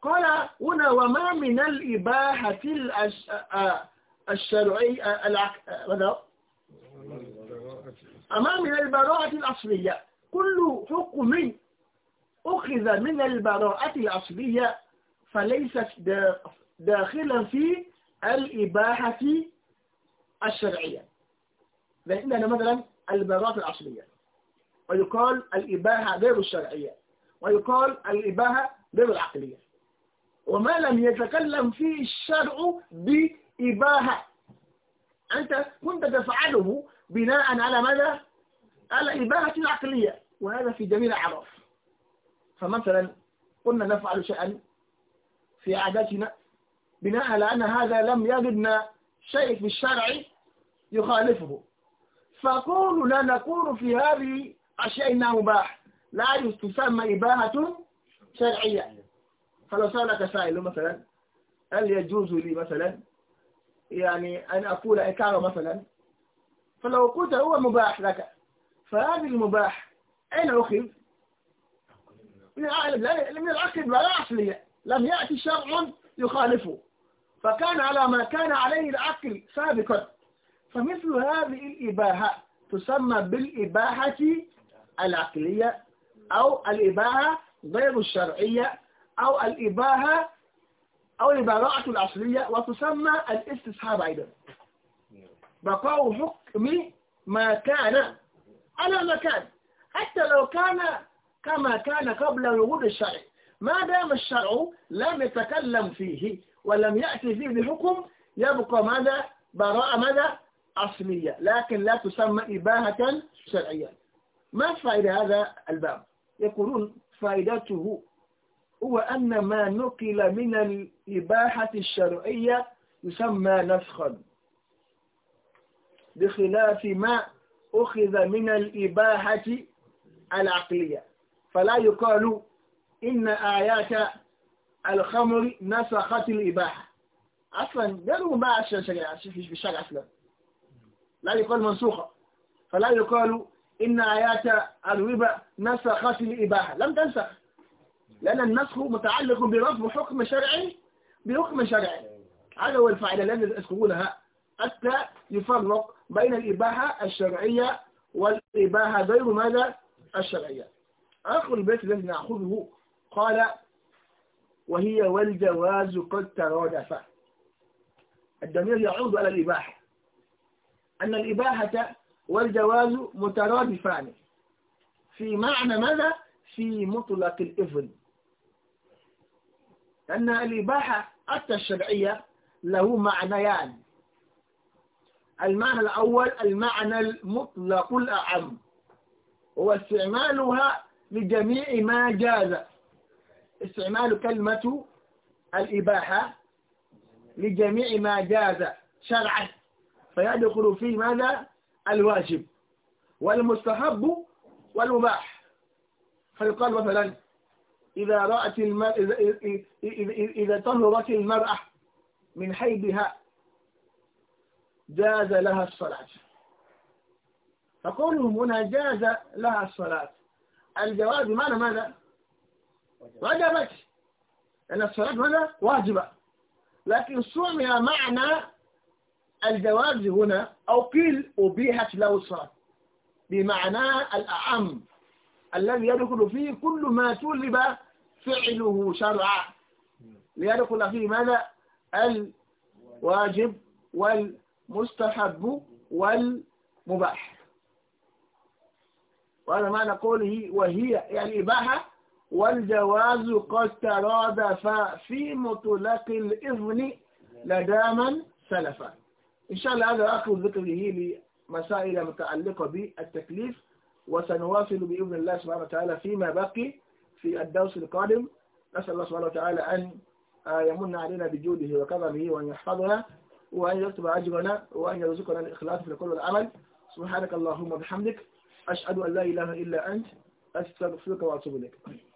قال هنا وما من الإباحة آه، الشرعية آه، من البراءة الأصلية كل حكم أخذ من البراءة الأصلية فليس داخلا في الإباحة الشرعية لأننا مثلا البراءة الأصلية ويقال الإباحة غير الشرعية ويقال الإباحة غير العقلية وما لم يتكلم فيه الشرع بإباحة أنت كنت تفعله بناء على ماذا؟ على إباحة العقلية وهذا في جميع الأعراف فمثلا قلنا نفعل شيئا في عاداتنا بناء على أن هذا لم يجدنا شيء في الشرع يخالفه فقولوا لا نقول في هذه أشياء إنها مباح لا تسمى إباحة شرعية فلو سألك سائل مثلا هل يجوز لي مثلا يعني أن أقول إكارة مثلا فلو قلت هو مباح لك فهذا المباح أين أخذ؟ من العقل لا أصلية لم يأتي شرع يخالفه فكان على ما كان عليه العقل سابقا فمثل هذه الإباحة تسمى بالإباحة العقلية أو الإباحة غير الشرعية أو الإباحة أو الإباحة الأصلية وتسمى الاستصحاب أيضا بقاء حكم بحكم ما كان على ما كان حتى لو كان كما كان قبل وجود الشرع ما دام الشرع لم يتكلم فيه ولم يأتي فيه بحكم يبقى ماذا براءة ماذا أصلية لكن لا تسمى إباهة شرعية ما فائدة هذا الباب يقولون فائدته هو أن ما نقل من الإباحة الشرعية يسمى نسخا بخلاف ما أخذ من الإباحة العقلية فلا يقال إن آيات الخمر نسخت الإباحة أصلا قالوا ما عشان شريعة في الشرع أصلا لا يقال منسوخة فلا يقال إن آيات الربا نسخت الإباحة لم تنسخ لأن النسخ متعلق برفض حكم شرعي بحكم شرعي هذا هو الفاعل الذي يذكرونها حتى يفرق بين الإباحة الشرعية والإباحة غير ماذا الشرعية آخر البيت الذي نأخذه قال وهي والجواز قد ترادف الضمير يعود على الإباحة أن الإباحة والجواز مترادفان في معنى ماذا؟ في مطلق الإذن أن الإباحة حتى الشرعية له معنيان المعنى الأول المعنى المطلق الأعم هو استعمالها لجميع ما جاز استعمال كلمة الإباحة لجميع ما جاز شرعا فيدخل في ماذا الواجب والمستحب والمباح فيقال مثلا إذا رأت المرأة إذا, إذا, إذا, إذا طهرت المرأة من حيبها جاز لها الصلاة فقولهم هنا جاز لها الصلاة الجواز معنى ماذا؟ وجبت لأن الصلاة ماذا؟ واجبة لكن سمي معنى الجواز هنا أو قيل أبيحت له الصلاة بمعنى الأعم الذي يدخل فيه كل ما طلب فعله شرعا ليدخل فيه ماذا؟ الواجب وال المستحب والمباح وهذا معنى قوله وهي يعني إباحة والجواز قد ترادف في مطلق الإذن لداما من إن شاء الله هذا آخر ذكره لمسائل متعلقة بالتكليف وسنواصل بإذن الله سبحانه وتعالى فيما بقي في الدرس القادم نسأل الله سبحانه وتعالى أن يمن علينا بجوده وكرمه وأن يحفظنا وأن يكتب أجرنا وأن يرزقنا الإخلاص في كل العمل سبحانك اللهم وبحمدك أشهد أن لا إله إلا أنت أستغفرك وأتوب إليك